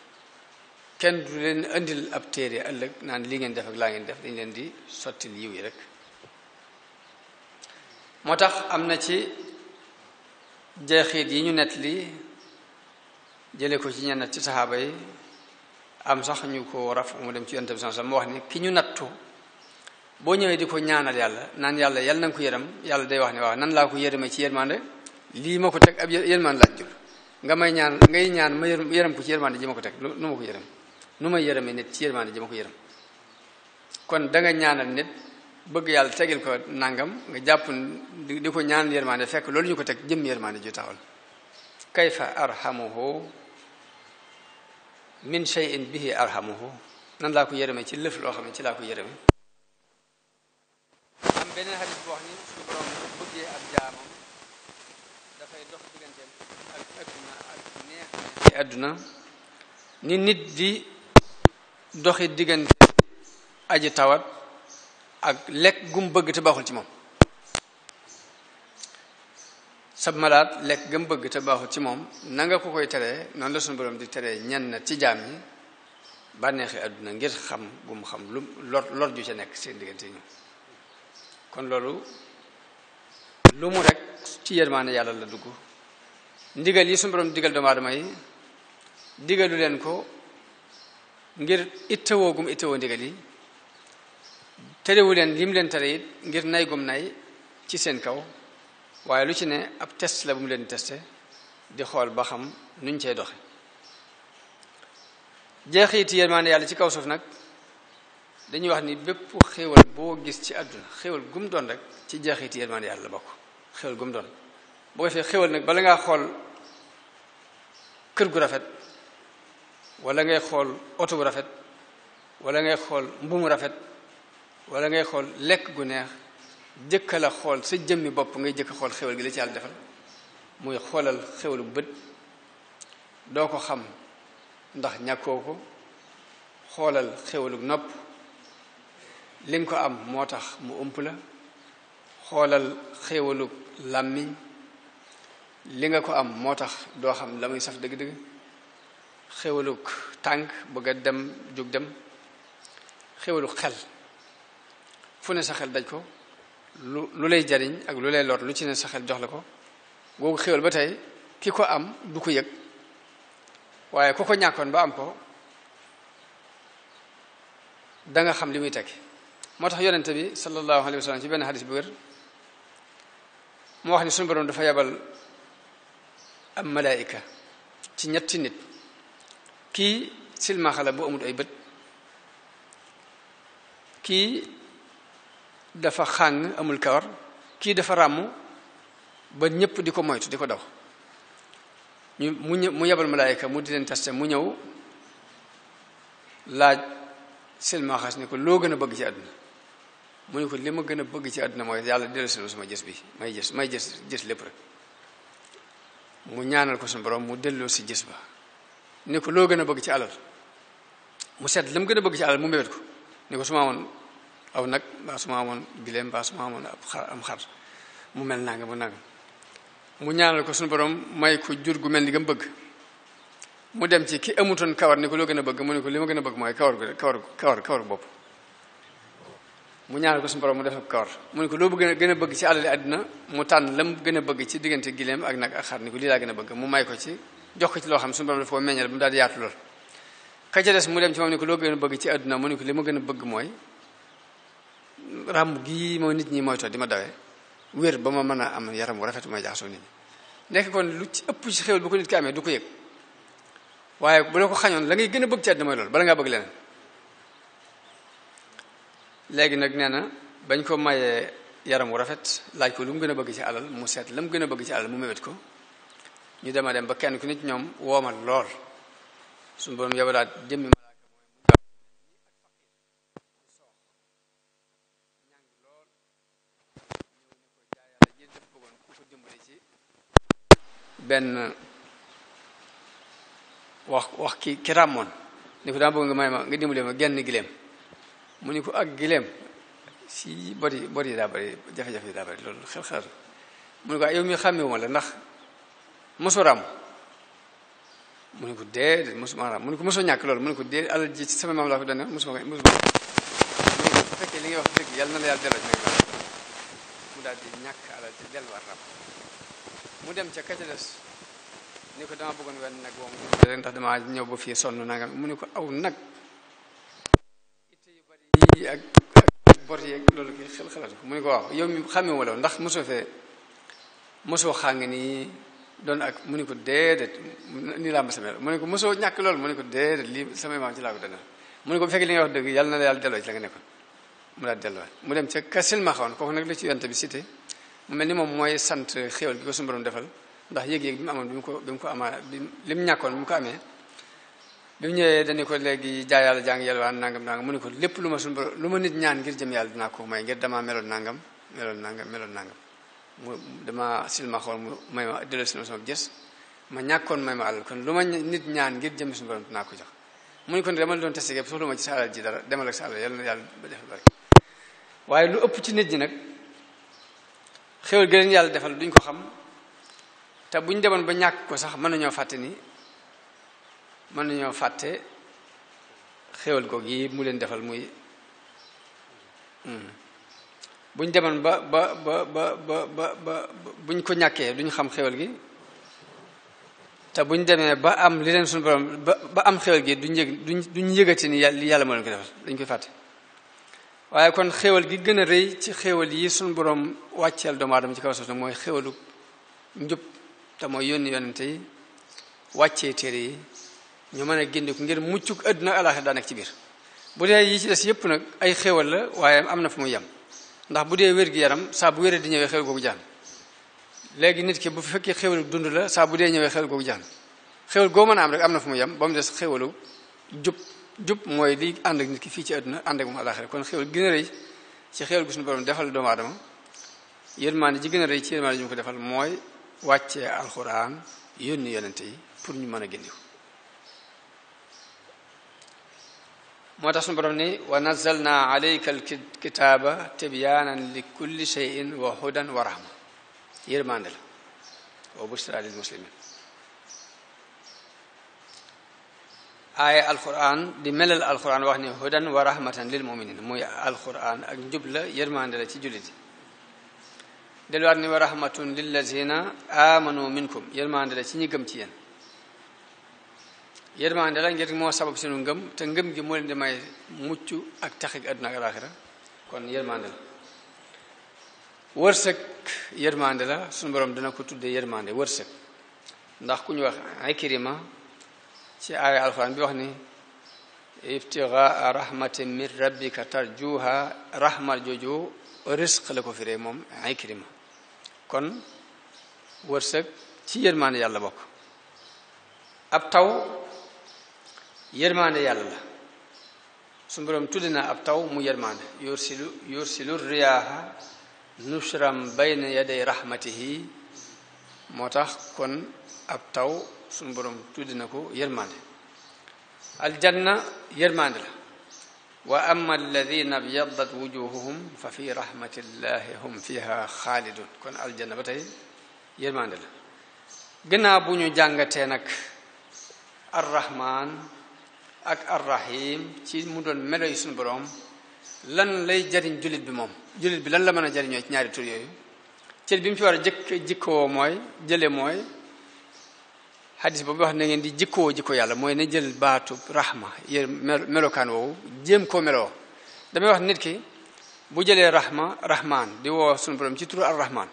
kenn du leen indil ab téere ëllëg naan lii ngeen def ak laa ngeen def dañ leen di sottil yiw yi rek moo tax am na ci jeexiit yi ñu nett li jële ko ci ñenn ci saxaaba yi am sax ñu ko raf mu dem ci yonent bi sallallahu alayhi wasallam wax ni ki ñu nattu boo ñëwee di ko ñaanal yàlla naan yàlla yal na nga ko yërëm yàlla day wax ne waaw nan laa ko yërëmee ci yërmande lii ma ko teg ab yërmande laaj jul nga may ñaan ngay ñaan ma yërëm ko ci yërmande ji ma ko teg nu ma ko yërëm nu ma yërëmee nit ci yërmande ji ma ko yërëm kon da nga ñaanal nit bëgg yàlla tegil ko nangam nga jàpp di ko ñaan yërmande fekk loolu ñu ko teg jëm yërmande ju taxawal kayfa arhamuhu min shay'in bihi arhamuhu nan laa ko yërëmee ci lëf loo xam ne ci laa ko yërëmee beneen xadis bu ni suñu borom bu bëggee ab jaamam dafay dox digganteem ak adduna ci adduna ni nit di doxi diggante aji tawat ak lekk gum bëgg te baaxul ci moom sab malaat lekk gam bëgg te baaxul ci moom na nga ko koy teree noonu la suñu borom di teree ñenn na ci jaam yi bànneexi adduna ngir xam gum xam lu lor lor ju ca nekk seen diggante ñu kon loolu lu mu rek ci yërmaane yàlla la dugg ndigal yi suñu borom digal doomu aadama digalu leen ko ngir ittawoo gum ittawoo ndigal yi terewu leen lim leen tere it ngir nay gum nay ci seen kaw waaye lu ci ne ab test la bu mu leen teste di xool ba xam nuñ cey doxe jeexiti yërmaande yàlla ci kaw suuf nag dañuy wax ni bépp xéewal boo gis ci àdduna xéewal gum doon rek ci jeexit yërmaan yàlla bokk xéewal gum doon boo fee xéewal nag bala ngaa xool kër gu rafet walla ngay xool oto bu rafet wala ngay xool mbumu rafet wala ngay xool lekk gu neex jëkka la xool sa jëmmi bopp ngay jëkk xool xewal gi la ci yàlla defal muy xoolal xéewalu bët doo ko xam ndax ñàkkoo ko xoolal xéewalu nopp li ko am moo tax mu ëmp la xoolal xéewalug làmmiñ li nga ko am moo tax doo xam la muy saf dëgg-dëgg xéewalug tànk bëgg a dem jóg dem xéewalug xel fu ne sa xel daj ko lu lu lay jariñ ak lu lay lor lu ci ne sa xel jox la ko googu xéewal ba tey ki ko am du ko yëg waaye ku ko ñàkkoon ba am ko danga xam li muy tekki motax tax yonent bi sallallahu Alaihi Wasallam. ci ben hadith bu wer mo wax ni sunu borom dafa yabal am malaika ci ñetti nit Ki silmaxa la bu amul ay Ki ki dafa xang amul kawar ki dafa ramu ba ñepp diko moytu diko daw ñu mu yabal malaika mu di len tassé mu ñew laaj ni ko lo gën bëgg ci aduna mu ne ko li ma gën a bëgg ci àdduna mooy yàlla dellusi suma jës bi may jës may jës jës lépp rek mu ñaanal ko suñu borom mu delloo si jës ba ne ko loo gën a bëgg ci alal mu seet li mu gën a bëgg ci alal mu mébét ko ne ko su ma amoon nag su ma amoon gileem mbaa su ma amoon ab xar am xar mu mel nanga mu nanga mu ñaanal ko suñu borom may ko jur gu mel ni gam bëgg mu dem ci ki amutoon kawar ni ko loo gën a bëgg mu ne ko li ma gën a bëgg mooy kawar gu kawar kawar kawar bopp mu ñaanal ko suñu borom mu ak koor mu ne ko loo bëgg gën a bëgg ci li àdduna mu tànn lam gën a bëgg ci diggante gileem ak nag xar ni ko lii laa gën a bëgg mu may ko ci jox ko ci loo xam suñu borom dafa ko meññal bu mu daal di yaatu lool ka ca des mu dem ci moom ne ko loo gën a bëgg ci àdduna mu ne ko li ma gën a bëgg mooy ràmm gii mooy nit ñi moytoo di ma dawee wér ba ma mën a am yaram wu rafet mooy jaaxasoo nit ñi nekk kon lu ci ëpp ci xéwal bu ko nit ki amee du ko yëg waaye bu la ko xañoon la ngay gën a bëgg ci àdduna mooy loolu bala ngaa bëgg leneen léegi nag nee na bañ koo mayee yaram wu rafet laaj ko lu mu gën a bëgg ci alal mu seet la mu gën a bëgg ci alal mu mébét ko ñu dema dem ba kenn ku nit ñoom woomal lool suñu borom yabalaat jëmmi benn wax wax ki ki ràmmoon ni ko daa bëgg nga may ma nga dimbale ma genn gileem mu ni ko ak ah, gileem si bori bori daa bari jafe daa bari loolu xel xalaatu mu ni ko ah, yow mi xàmmewuma la ndax mosoo ràmm mu ni ko dee mosuma ràmm mu ko mosoo ñàkk loolu mu ni ko dee alal ji ko dana mosuma ko mosuma bu fekkee li ngay wax dëgg yàlla na la yàlla delloo mu daal di ñàkk alal ji delluwaat ràmm mu dem ca katales ni ko dama bëggoon wenn nag woo mu ndax dama ñëw ba fii sonn nangam mu ni ko aw nag porte yeeg loolu kay xel xalaatu ko mu ne ko waaw yow mi xàmme wala ndax mosoo fee mosoo xàng nii doon ak mu ne ko déedéet nii laa ma samee mu ko mosoo ñàkk loolu mu ne ko déedéet lii samay maam ci laa ko dana mu ne ko bu fekkee li nga wax dëgg yàlla na la yàlla delloo ci la nga nekkoon mu daal delloo mu dem ca kasil ma xawoon kooku nag la ci yonte bi cité mu mel ni moom mooy sant xéewal gi ko suñu borom defal ndax yëg-yëg bi mu amoon bi mu ko amaa li mu ñàkkoon bi mu ko amee bi mu ñëwee ya, dañu ko léegi jaay yàlla jàng nangam nangam mu ne ko lépp lu ma sun lu ma nit ñaan ngir jëm yàlla dinaa ko may ngir dama meloon nangam meloon nangam meloon nangam mu dama silma xool mu may ma delloo silma sama jës ma ñàkkoon may ma alal kon lu ma nit ñaan ngir jëm sun borom dinaa ko jox mu ne kon dama doon testé yëpp soxlu ma ci sa ji dara demal ak sa alal yàlla na yàlla ba defal bari waaye lu ëpp ci nit ñi nag xéwal gën yàlla defal duñ ko xam te buñ demoon ba ñàkk ko sax mën nañoo fàtte mën nañoo fàtte xéwal ko gi mu leen defal muy hmm. buñ demoon ba ba ba ba ba ba buñ ko ñàkkee duñ xam xéwal gi te buñ demee ba am li leen suñu borom ba am xéwal gi duñ yëg duñ duñ yëgati ni yàlla li yàlla moo leen ko defal dañ koy fàtte waaye kon xéwal gi gën a rëy ci xéwal yi suñu borom wàcceel doomu aadama ci kaw suuf mooy xéwalu njub te mooy yónni yonente yi wàccee téere yi ñu mën a génne ko ngir muccuk àdduna alaxir daa nekk ci biir bu dee yi ci des yépp nag ay xéwal la waaye am na fu mu yem ndax bu dee wér gi yaram saa bu wéree di ñëwee xéwal googu jaan léegi nit ki bu fekkee xéwalu dund la saa bu dee ñëwee xéwal googu jaan xéwal goo mën a am rek am na fu mu yem ba mu des xéwalu jub jub mooy li ànd ak nit ki fii ci àdduna ànd ak moom alaxira kon xéwal gën a rëy ci xéwal gu suñu borom defal doomu aadama yërmaande ji gën a rëy ci yërmaande ji mu ko defal mooy wàccee alxuraan yónni yonente yi pour ñu mën a génne ko موتاسن بروني ونزلنا عليك الكتاب تبيانا لكل شيء وهدى ورحمة يرماندل وبشرى للمسلمين آية القرآن دي ملل القرآن وحني هدى ورحمة للمؤمنين موي القرآن اك جبلة يرماندل تي جوليت دلوارني ورحمة للذين آمنوا منكم يرمان يرماندل تي ني yërmande la ngir moo sabab sunu ngëm te ngëm gi moo leen di may mucc ak tax ak ak alaaxira kon yërmande la wërsëg yërmande la sunu borom dana ko tuddee yërmande wërsëg ndax ku ñu wax ay Ikrima ci aaya alxuraan bi wax ni ibtigaa rahmatin min rabbika tarjuha rahma jooju risq la ko firee moom Ikrima kon wërsëg ci yërmande yàlla bokk ab taw yermande yalla la sun borom tuddina ab taw mu yermande yursilu yursilu riyaha nushram bayna yaday rahmatihi motax kon ab taw sun borom tuddina ko yermande al janna yermande la wa amma alladhina biyaddat wujuhuhum fa fi rahmatillahi hum fiha khalidun kon al janna batay yermande la gëna buñu jàngatee nag arrahman ak arrahim ci mu doon melo yu suñu boroom lan lay jariñ jullit bi moom jullit bi lan la mën a jariñoo ci ñaari tur yooyu cër bi mu ci war a jëkk jikkoo mooy jële mooy xadis boobu wax na ngeen di jikkoo jikko yàlla mooy na jël baatub rahma yër melokaan woowu jéem koo melo damay wax nit ki bu jëlee rahma rahman di woo suñu boroom ci turu ar rahman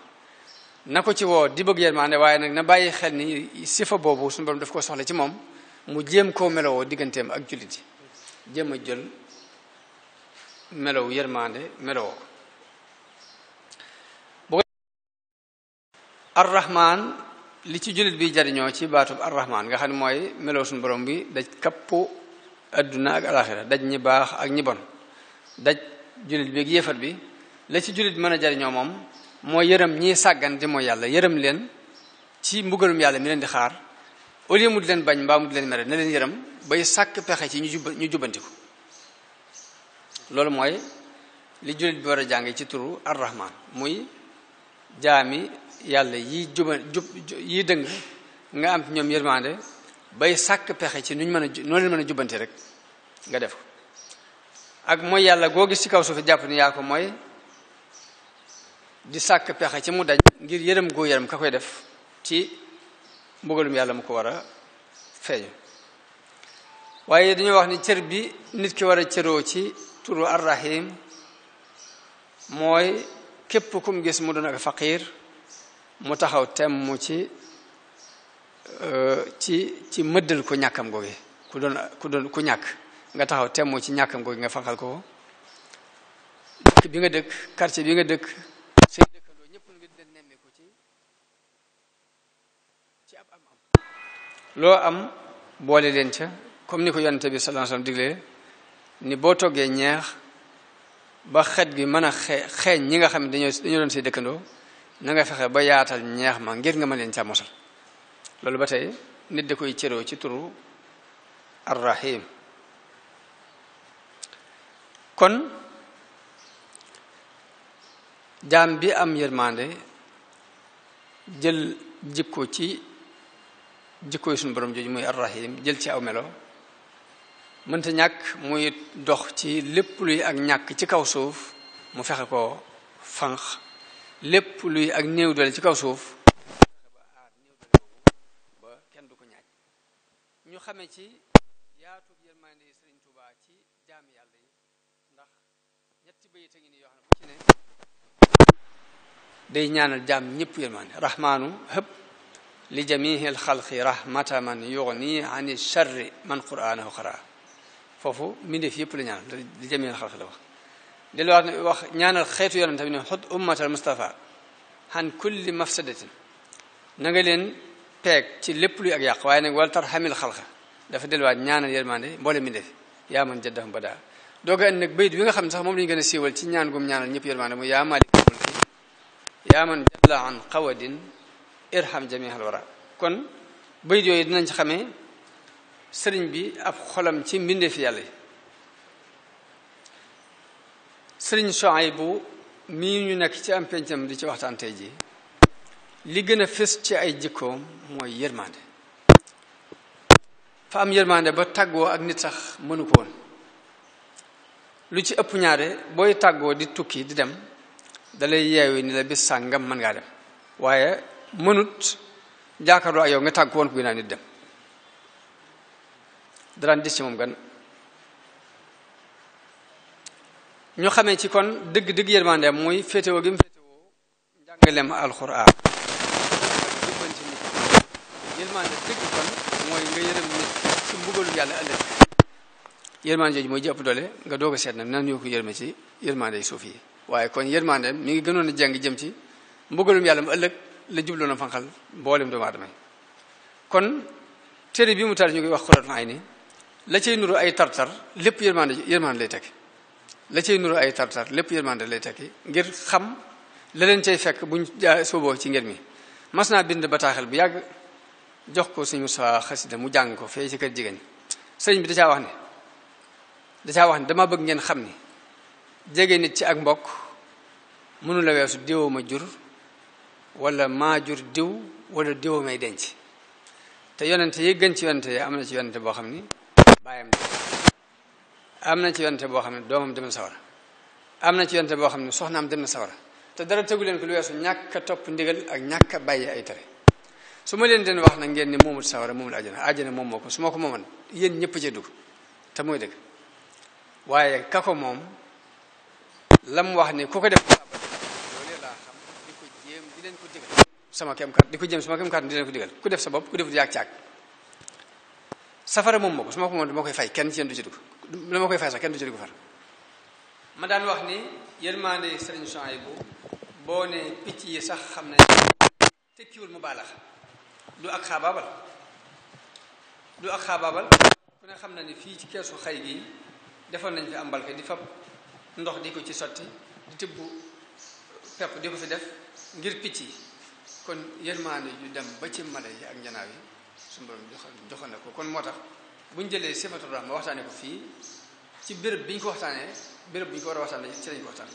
na ko ci woo di bëgg ne waaye nag na bàyyi xel ni sifa boobu suñu boroom daf ko soxla ci moom mu jéem ko melowoo digganteem ak jullit yi jéem a jël melow yërmande melowoo ko arrahman li ci jullit bi jariñoo ci baatub arrahman nga xam ne mooy melow suñu borom bi daj kapp adduna ak alaxira daj ñi baax ak ñi bon daj jullit bi ak yéefat bi la ci jullit mën a jariñoo moom mooy yërëm ñii sàggan di mooy yàlla yërëm leen ci mbugalum yàlla mi leen di xaar au mu di leen bañ mbaa mu di leen mere na leen yaram bay sàkk pexe ci ñu jub ñu jubbanti ko loolu mooy li jullit bi war a jàng ci turu arrahman muy jaami yàlla yi juba jub yi dëng nga am ci ñoom yërmande bay sàkk pexe ci nuñ mën a noo leen mën a jubbanti rek nga def ak mooy yàlla goo gis ci kaw suuf jàpp ni yaa ko mooy di sàkk pexe ci mu daj ngir yërëm goo yërëm ka koy def ci mbugalum yàlla mu ko war a feeñu waaye dañoo wax ni cër bi nit ki war a cëroo ci turu arrahim mooy képp kum gis mu doon ak faqiir mu taxaw temm ci euh, ci ci mëddal ko ñàkkam googi ku doon ku doon ku ñàkk nga taxaw temm ci ñàkkam googi nga faqal ko dëkk bi nga dëkk quartier bi nga dëkk loo am boole leen ca comme ni ko yonente bi sallallahu alayhi wasallam ni boo toggee ñeex ba xet gi mën a xeeñ ñi nga xam ne dañoo dañoo doon say dëkkandoo nanga fexe ba yaatal ñeex ma ngir nga ma leen ca mosal loolu ba tey nit da koy cëroo ci turu arrahim kon jaam bi am yërmande jël jikko ci jikkooy suñu borom jooju muy arrahim jël ci aw melo mënta ñàkk muy dox ci lépp luy ak ñàkk ci kaw suuf mu fexe ko fanq lépp luy ak néew doole ci kaw suuf ba kenn du ko ñaaj ñu xamee ci yaatu yërmande Sëriñ Tuubaa ci jaami yàlla yi ndax ñetti bayit a ngi nii yoo xam ne rahmaanu hëpp لجميع الخلق رحمة من يغني عن الشر من قرآنه قرأ فوفو من في كل نعم لجميع الخلق له دلو عن وخ نعم الخيط يوم تبين حد أمة المصطفى عن كل مفسدة نقلن بيك تلبل أجاق وين قال ترحم الخلق دفع دلو عن نعم يوم ما بول من ذي يا من جدهم بدأ دوغا انك بيد بيغا خمسة مو لي غنسي ولتي نيان غوم نيان نيب يرمان مو يا مالك يا من جل عن قود irham jamihal wara kon bayit yooyu dinañ ci xamee sëriñ bi ab xolam ci mbindeef yàlla yi sëriñ bu mii ñu nekk ci am pencam di ci waxtaan ji li gën a fës ci ay jikkoom mooy yërmande fa am yërmande ba tàggoo ak nit sax mënu ko lu ci ëpp ñaare booy tàggoo di tukki di dem dalay yeewi ni la bis sàngam mën ngaa dem waaye mënut jàkkaarloo ak yow nga tàgg ko woon ko ginnaaw nit dem daraan dis ci moom gan ñu xamee ci kon dëgg dëgg yërmandeem muy féetewoo gi mu féetewoo njàngaleem alxuraan jubbanti dëgg kon mooy nga yërëm nit ci mbugalu yàlla ëllëg yërmande jooju mooy jëpp doole nga doog a seet na nan ñoo ko yërme ci yërmande suuf yi waaye kon yërmandeem mi ngi gënoon a jëm ci mbugalum yàlla mu ëllëg la jubloon a fanqal mboolem doomu aadama yi kon téere bi mu taal ñu koy wax xuratul ay ni la cay nuru ay tartar lépp yërmande yërmande lay tekki la cay nuru ay tartar lépp yërmande lay tekki ngir xam la leen cay fekk buñ jaa sooboo ci ngeen mi mas naa bind bataaxel bu yàgg jox ko suñu sa xasida mu jàng ko fee ci kër jigéen sëriñ bi da caa wax ne da wax ne dama bëgg ngeen xam ni jege nit ci ak mbokk mënu la weesu diwoo ma jur wala maa jur diw wala diwa may denc te yonente yi gën ci yonente yi am na ci yonente boo xam ni baayam am na ci yonente boo xam ne doomam dem na sawara am na ci yonente boo xam ne soxnaam dem na sawara te dara tegu leen ko lu weesu ñàkk topp ndigal ak ñàkk a bàyyi ay tere su ma leen den wax na ngeen ni moomul sawara moomul àjjana àjjana moom moo ko su ma ko mooman yéen ñëpp ci dugg te mooy dëgg waaye kako moom lam wax ni ku ko def leen ko sama kem kat di ko jëm sama kem kat di leen ko digal ku def sa bopp ku def di ak caag safara moom ma ko su ma ko moom dama koy fay kenn ci yéen du ci dugg dama koy fay sax kenn du ci dugg far ma daan wax ni yërmaande sëriñ Souhaïbou boo ne picc yi sax xam ne kiwul mu baalax du ak xaabaabal du ak xaabaabal ku ne xam na ni fii ci keesu xay gi defal nañ fi am mbalka di fab ndox di ko ci sotti di tibb pepp di ko fi def ngir picc yi kon yërmaande yu dem ba ci mala yi ak njanaaw yi su borom joxoon na ko kon moo tax bu ñu jëlee sifatu rahma waxtaanee ko fii ci bërëb bi ñu ko waxtaanee béréb bi ñu ko war a waxtaanee ci lañ ko waxtaan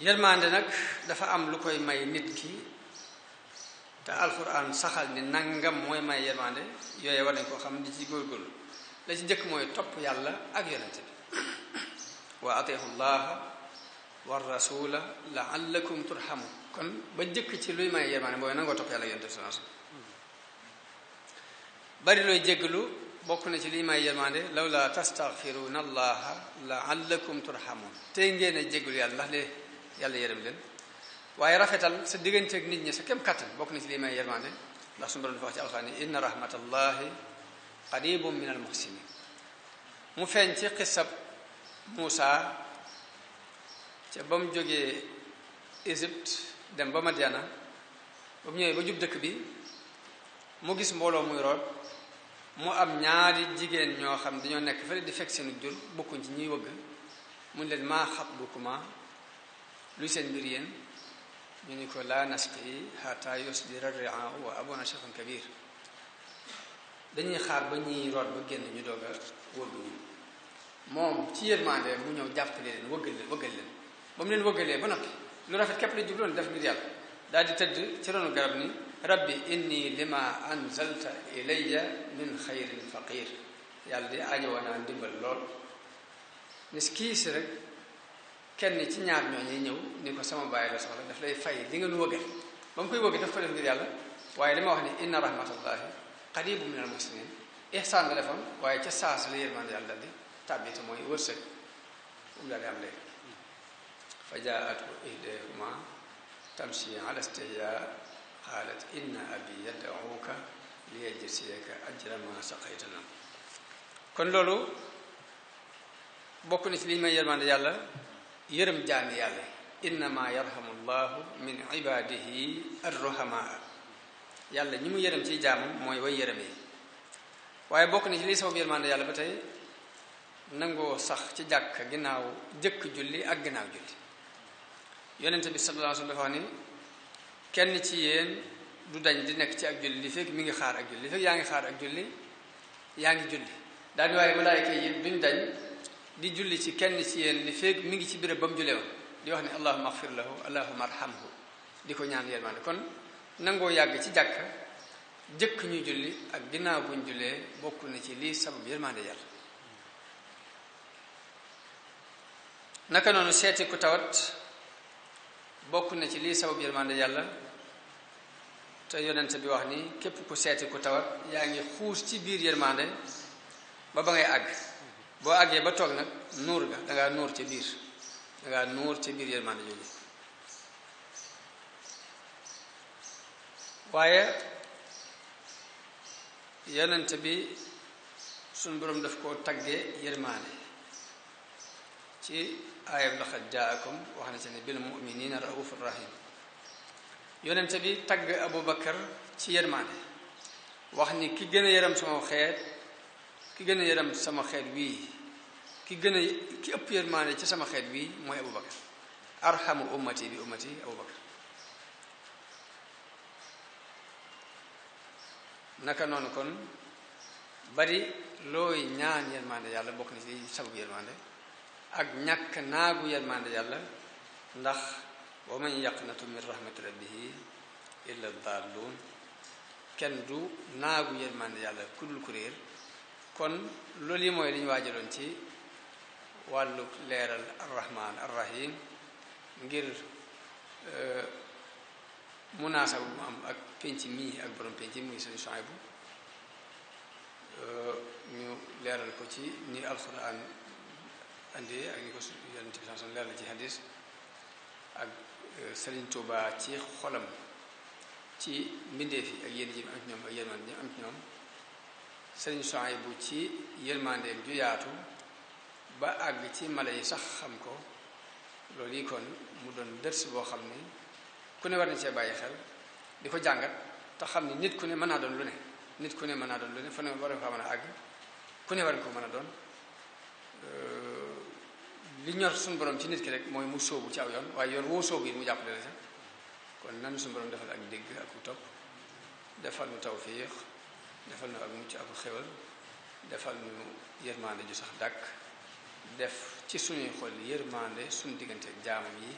yërmaande nag dafa am lu koy may nit ki te alxuraan saxal ni nangam mooy may yërmaande yooyu war nañ koo xam di ci góorgóorlu la ci njëkk mooy topp yàlla ak yonente bi wa ateexu والرسول لعلكم ترحمون كن بجك تي لوي ماي يرمان بو نغو توك يالا يونس صلى الله عليه بري لوي جيغلو بوك نتي لي ماي يرمان لولا تستغفرون الله لعلكم ترحمون تينغي ني جيغلو يالا الله لي يالا يرم لين واي رافيتال سا ديغنتك نيت ني سا كيم كاتل بوك نتي لي ماي يرمان لا سمبرن فوخ تي الخاني ان رحمه الله قريب من المحسنين مو فنتي قصه موسى ca ba mu jógee Égypte dem ba Madiana ba mu ñëwee ba jub dëkk bi mu gis mbooloo muy root mu am ñaari jigéen ñoo xam dañoo nekk fële di fekk seenu jur bokkuñ ci ñuy wëgg mu leen maa xab bu kuma luy seen mbir yéen ñu ni ko laa nasqi hatta yusdira ria wa abuna shafan kabir dañuy xaar ba ñuy root ba génn ñu doog a wëgg moom ci yërmande mu ñëw jàppale leen wëggal leen wëggal leen ba mu leen wëggalee ba noppi lu rafet képp la jubloon def ngir yàlla daal di tëdd ci ronu garab ni rabbi inni lima anzalta ilayya min xayrin faqir yàlla di ajowoo naa ndimbal lool nes kii si rek kenn ci ñaar ñooñu ñëw ni ko sama bàyyi la soxla daf lay fay li nga nu wëggal ba mu koy wëgg daf ko def ngir yàlla waaye li ma wax ni inna rahmatullahi qaribu min al muslimin ihsaan la defoon waaye ca saas la yërmande yàlla daldi tàbbite mooy wërsëg um daal di am léegi fajaatu ihdahuma tamshi ala istihyaa qaalat inna abi yad'uuka liyajziyaka ajra ma saqaytana kon loolu bokk na ci liñ may yërmande yàlla yërëm jaami yàlla innama yarhamu llahu min ibadihi arruhamaa yàlla ñi mu yërëm ciy jaamam mooy way yërëm waaye bokk na ci lii sabab yërmande yàlla ba tey nangoo sax ci jàkk ginnaaw jëkk julli ak ginnaaw julli yonente bi sallallahu alayhi wa sallam ni kenn ci yéen du dañ di nekk ci ak julli li fekk mi ngi xaar ak julli li fekk yaa ngi xaar ak julli yaa ngi julli daal di waaye malaayika yi dañ di julli ci kenn ci yéen li fekk mi ngi ci béréb ba jule jullee woon di wax ni allahuma axfir lahu allahuma arhamhu di ko ñaan yërmande kon nangoo yàgg ci jàkk jëkk ñu julli ak ginnaaw buñ jullee bokk na ci lii sabab yërmande yàlla naka noonu seeti ku tawat bokk na ci lii sabab yërmande yàlla te yonent bi wax ni képp ku seeti ku tawat yaa ngi xuus ci biir yërmande ba ba ngay àgg boo àggee ba toog nag nuur ga dangaa nuur ci biir dangaa nuur ci biir yërmande jooju waaye yonent bi suñ boroom daf koo taggee yërmande ci آية بلخد جاءكم وحنا سنبي المؤمنين الرؤوف الرحيم يونم تبي تق أبو بكر تير مانه وحنا كي جنا يرم سما خير كي جنا يرم سما خير وي كي جنا كي أبير مانه كي سما خير وي مو أبو بكر أرحم أمتي بأمتي أبو بكر نكنا نكون بري لوي نان يرمانه يالله بكنسي سب يرمانه ak ñàkk naagu yërmande yàlla ndax wa man yaqnatu min rahmati rabbihi illa dallun kenn du naagu yërmande yàlla kudul ku réer kon loolu yi mooy li waa waajaloon ci wàllu leeral arrahman arrahim ngir euh, munaasaba bu am ak penc mii ak borom penc muy seen Suhaybu euh, ñu leeral ko ci ni alxuraan andee ak ni ko yonent bi sallallahu alayhi wasallam Sëriñ Tuubaa ci xolam ci mbindeef yi ak yéen ji am ñoom ak yërmande ji am ci ñoom Sëriñ Suhaybu ci yërmandeem ju yaatu ba àgg ci mala yi sax xam ko loolu yi kon mu doon dërs boo xam ku ne war na cee bàyyi xel di jàngat te xam ne nit ku ne mën naa doon lu ne nit ku ne mën naa doon lu ne fu ne war nga fa a àgg ku ne war ko mën a doon euh, li ñor suñu borom ci nit ki rek mooy mu sóobu ci aw yoon waaye yoon woo sóobu yi mu jàppale la ca kon nan suñu borom defal ak dégg ak ku topp defal nu tawfiix defal nu ak mucc ak xewal defal nu yërmande ju sax dàkk def ci suñuy xol yërmande suñu diggante jaamam yi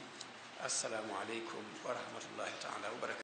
asalaamualeykum wa rahmatullahi taala wa barakatu